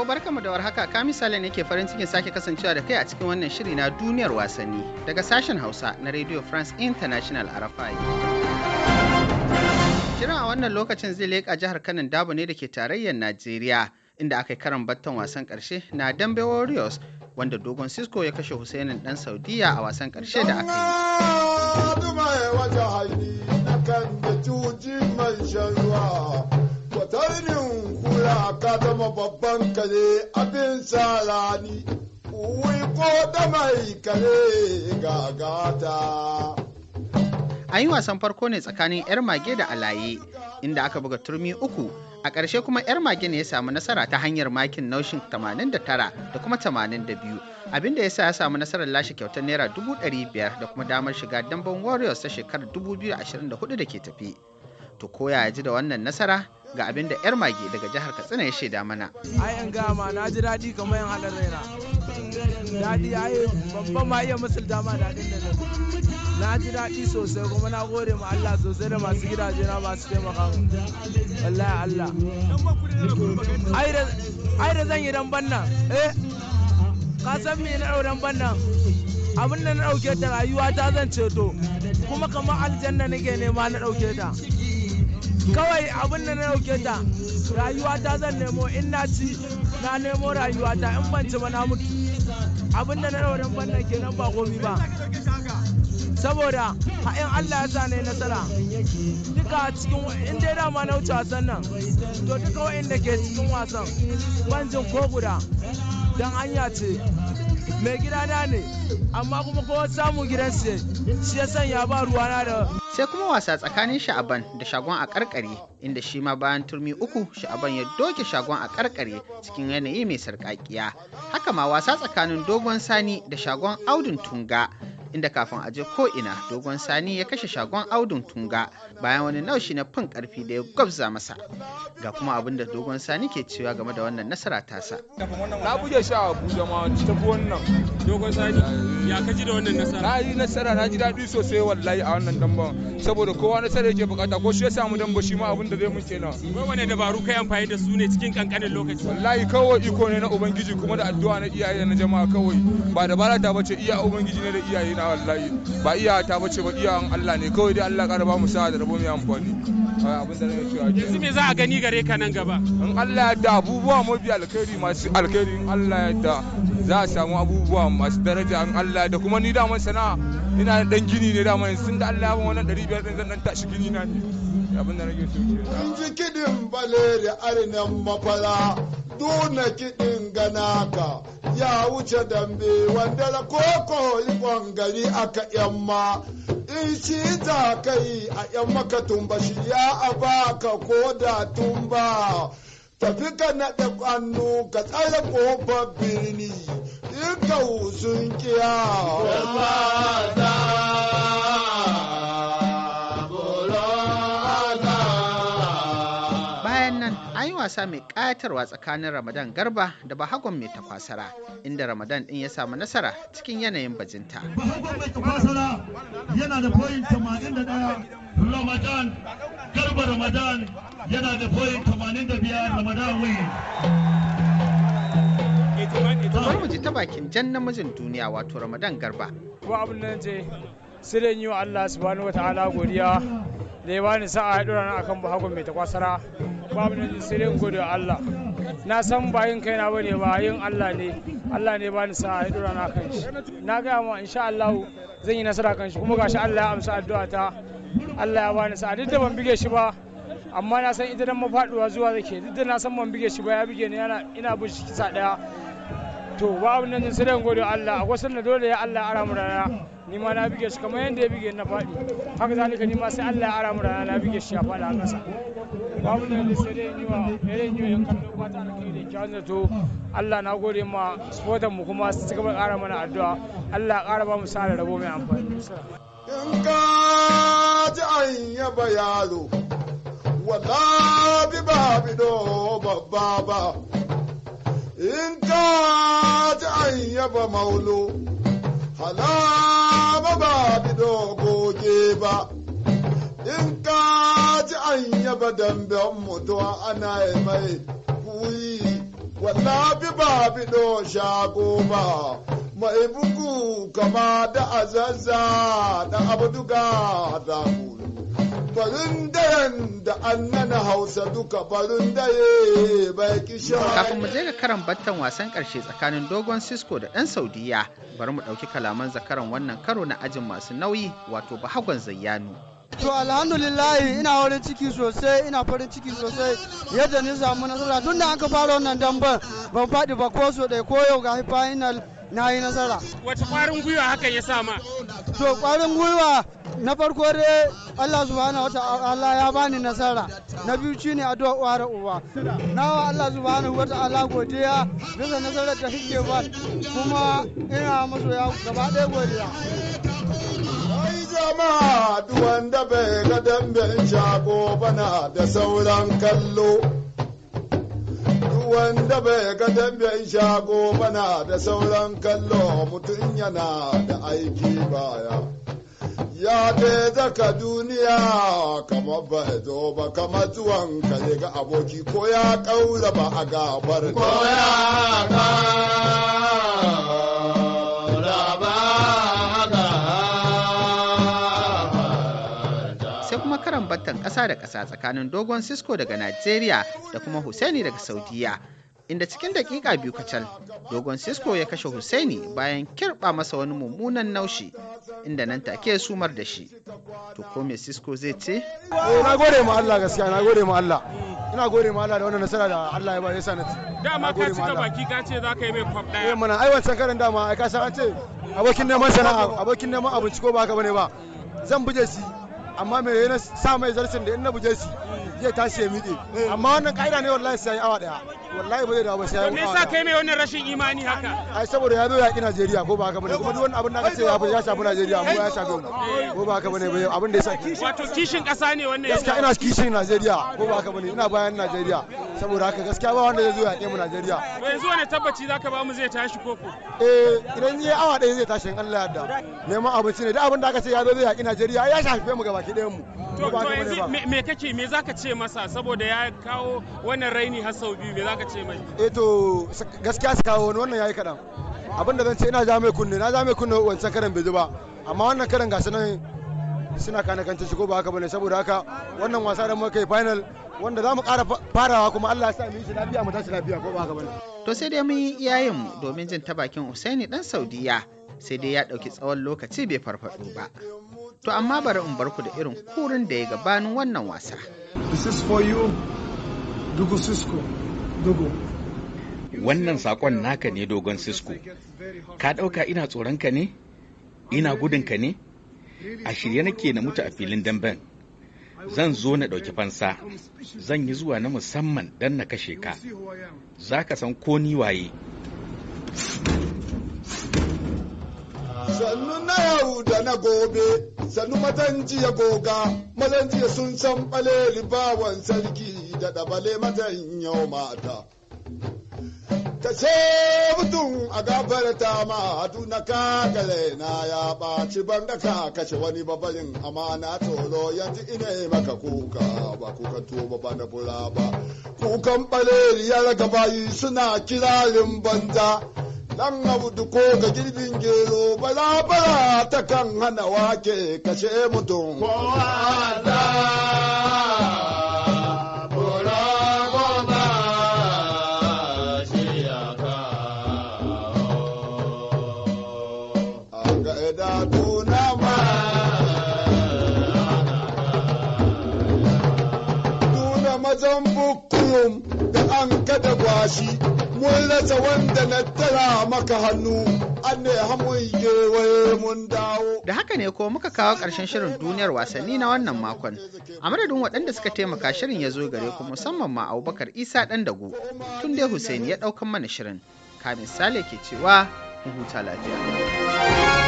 sauraro barkamu da warhaka ka misali ne ke farin cikin sake kasancewa da kai a cikin wannan shiri na duniyar wasanni daga sashen Hausa na Radio France International rafai Shirin a wannan lokacin zai leƙa jihar kanan Dabo ne da ke tarayyar Najeriya inda aka yi karan battan wasan karshe na Dambe Warriors wanda dogon Cisco ya kashe Husainin dan Saudiya a wasan karshe da aka yi. ka zama babban kare abin tsara rani wai ko da mai kare gagata. A yi wasan farko ne tsakanin 'yar mage da alaye inda aka buga turmi uku a ƙarshe kuma 'yar mage ne ya samu nasara ta hanyar makin naushin 89 da kuma 82 da ya sa ya samu nasarar lashe kyautar naira biyar da kuma damar shiga damben warriors ta shekarar 2024 da ke tafi. to koya ya ji da wannan nasara ga abin da 'yar mage daga jihar katsina ya shaida mana ai an gama na ji daɗi kamar yan halar raina daɗi ai babban ma iya musulta ma da da na ji daɗi sosai kuma na gode ma Allah sosai da masu gidaje na masu taimaka mu wallahi Allah ai da zan yi dan banna eh ka san me na auren banna abin da na ɗauke ta rayuwa ta zan ceto kuma kamar aljanna nake nema na ɗauke ta kawai abin da na dauke ta rayuwa ta zan nemo in na ci na nemo rayuwa ta in ban ci ba na mutu abin da na daurin ban nan kenan ba komi ba saboda in Allah ya sa ne nasara duka cikin in dai dama na wuce wasan nan to duka da ke cikin wasan ban jin ko guda don hanya ce mai gidana ne amma kuma kowa samun gidan siye shi ya sanya ba ruwana da sai kuma wasa tsakanin sha'aban da shagon a karkare inda shi ma bayan turmi uku sha'aban ya doke shagon a karkare cikin yanayi mai sarƙaƙiya haka ma wasa tsakanin dogon sani da shagon audun tunga inda kafin a je ko'ina dogon sani ya kashe shagon audun tunga bayan wani naushi na fin karfi da ya gwabza masa ga kuma abin da dogon sani ke cewa game da wannan nasara tasa na buge shi a abuja ma ta wannan dogon sani ya ka ji da wannan nasara na yi nasara na ji daɗi sosai wallahi a wannan damban saboda kowa nasara yake bukata ko shi ya samu damba shi ma abin da zai mun kenan wai wane dabaru kai amfani da su ne cikin kankanin lokaci wallahi kawai iko ne na ubangiji kuma da addu'a na iyaye da na jama'a kawai ba da dabara ta bace iya ubangiji ne da iyaye na wallahi ba iya ta bace ba iyayen Allah ne kawai dai Allah ƙara ba mu sa'a da rabo mai amfani yanzu me za a gani gare ka nan gaba in Allah ya da abubuwa mafi alkhairi masu alkhairi in Allah ya da za a samu abubuwa masu daraja an Allah da kuma ni daman sana'a ina dan gini ne daman sun da Allah ya wannan 500 din zan dan tashi gini na ne abin da nake so ke kun ji kidin baleri arinan mafara dona kidin ganaka ya wuce dambe wanda da koko ikon gari aka yamma in shi za kai a yamma maka tumba shi ya abaka ko da tumba tafi ka naɗa ƙwannu ka tsaya ƙofar birni, duka wusun kiya. wasa mai ƙayatarwa tsakanin Ramadan Garba da Bahagon mai takwasara inda Ramadan ɗin ya samu nasara cikin yanayin bajinta. Bahagon mai takwasara yana da tamanin da ɗaya Ramadan Garba Ramadan yana da tamanin da 85 Ramadan win. Kamar mu ta bakin jan namijin duniya wato Ramadan Garba. Kuma abin nan ce sai yi wa Allah subhanahu wa ta'ala godiya da ya bani sa'a ya dora na akan buhagun mai ta kwasara babu na sai dai gode Allah na san ba yin kaina bane ba yin Allah ne Allah ne bani sa'a ya dora na kan shi na ga ma insha Allah zan yi nasara kan shi kuma gashi Allah ya amsa addu'a ta Allah ya bani sa'a duk da ban bige shi ba amma na san idan mafaduwa zuwa zake duk da na san ban bige shi ba ya bige ni ina bin shi kisa daya to babu nan sai dan gode Allah a wasan da dole ya Allah ara mu rana ni ma na bige shi kamar yanda ya bige na fadi haka zalika ni ma sai Allah ya ara mu rana na bige shi ya fada a kasa babu nan sai dai ni wa irin yi yan kallo ba ta alkhairi da kyawun zato Allah na gode ma supporter mu kuma su cigaba ƙara mana addu'a Allah ya ƙara ba mu sa da rabo mai amfani in ka ji an yaba yaro wallahi bi ba bi do babba ba in ka ji an yaba maulo halama ba bi goge ba in ka ci an yaba damben mutuwa ana mai kuyi wala bi ba bi shago ba mai bugu kama da azazza da abu duga farin daren da nana hausa duka farin dare bai kisha kafin mu je ga karan battan wasan karshe tsakanin dogon cisco da dan saudiya bari mu ɗauki kalaman zakaran wannan karo na ajin masu nauyi wato bahagon zayyanu to alhamdulillahi ina wurin ciki sosai ina farin ciki sosai yadda ni samu nasara tun da aka fara wannan damban ban faɗi ba ko so ɗaya ko yau ga final na yi nasara wace ƙwarin gwiwa hakan ya sa ma to ƙwarin gwiwa na farko dai Allah subhanahu wata'ala ya bani nasara na biyu ne addu'a uwa da na wa Allah subhanahu wata'ala godiya bisa nasarar da kike ba kuma ina masoya gaba ɗaya godiya Ai jama'a duwanda bai ga damben shago bana da sauran kallo wanda bai ga damben shago bana da sauran kallo mutum yana da aiki baya ya daida ka duniya kama bai zo ba kama zuwan ka ga aboki ko ya kaura ba a gabar ko ya ka kuma karan ƙasa da ƙasa tsakanin dogon Cisco daga Najeriya da kuma Hussaini daga Saudiya. inda cikin dakika biyu kacal dogon cisco ya kashe husaini bayan kirba masa wani mummunan naushi inda nan take sumar da shi to ko me cisco zai ce eh, na gode ma Allah gaskiya na gode ma Allah ina gode ma Allah da wannan nasara da Allah ya ba ya sanata dama ka cika baki ka ce za ka yi mai kwab daya eh mana ai wancan karin dama ai ka san an ce abokin neman sana'a abokin neman abinci ko ba ka bane ba zan buje shi amma me yana sa mai zarsin da in na buje shi zai tashi ya miƙe amma wannan ka'ida ne wallahi sai awa daya wallahi ba zai dawo ba sai ya me yasa kai mai wannan rashin imani haka ai saboda ya zo ya ki Najeriya ko ba haka bane kuma duk wani abin da aka ce ya ya shafi Najeriya mu ya shafi wannan ko ba haka bane ba abin da yasa wato kishin kasa ne wannan gaskiya ina kishin Najeriya ko ba haka bane ina bayan Najeriya saboda haka gaskiya ba wanda zai zo ya ki mu Najeriya to yanzu wani tabbaci zaka ba mu zai tashi koko eh idan yayi awa ɗaya zai tashi in Allah ya yarda neman abinci ne duk abin da aka ce ya zo zai ya ki Najeriya ya shafi mu ki ɗayan mu to yanzu me kake me zaka ce masa saboda ya kawo wannan raini har sau biyu me zaka ka ce mai eh to gaskiya su kawo wani wannan yayi kadan abin da zan ce ina ja mai kunne na ja mai kunne wancan karan bai zo ba amma wannan karan ga sanan suna kanakanta shi ko ba haka bane saboda haka wannan wasa da muka yi final wanda za mu ƙara farawa kuma Allah ya sa mu yi shi lafiya mu tashi lafiya ko ba haka bane to sai dai mun yi iyayen mu domin jin ta bakin Usaini dan Saudiya sai dai ya ɗauki tsawon lokaci bai farfado ba to amma bari in barku da irin kurin da ya gabanin wannan wasa this is for you Dugu Cisco. dogo wannan sakon naka ne dogon sisko ka ɗauka ina tsoron ka ne ina gudun ka ne a shirye nake na mutu a filin damben zan zo na ɗauki fansa zan yi zuwa na musamman don na kashe ka za ka san ko ni waye sannu na yau da na gobe sannu matan jiya goga mazan jiya sun san ɓale libawan sarki jada bale mata yau mata ce mutum a ta ma na kakale na ya ɓaci ban da ka kashe wani babarin amana tsoro yanzu ina maka kuka ba kuka tuwo ba na bura ba kukan ɓaleriyar gabayi suna kirarin banza dan abu ko ga girbin gero bala bala ta kan hana wake kashe mutum kowa da kwashi mun rasa wanda na tara maka hannu an ne hamun mun dawo. Da haka ne ko muka kawo ƙarshen shirin duniyar wasanni na wannan makon. A madadin waɗanda suka taimaka shirin ya zo gare ku musamman ma Abubakar Isa ɗan dago tun dai Hussein ya ɗaukan mana shirin. Kamin Sale ke cewa huta lafiya.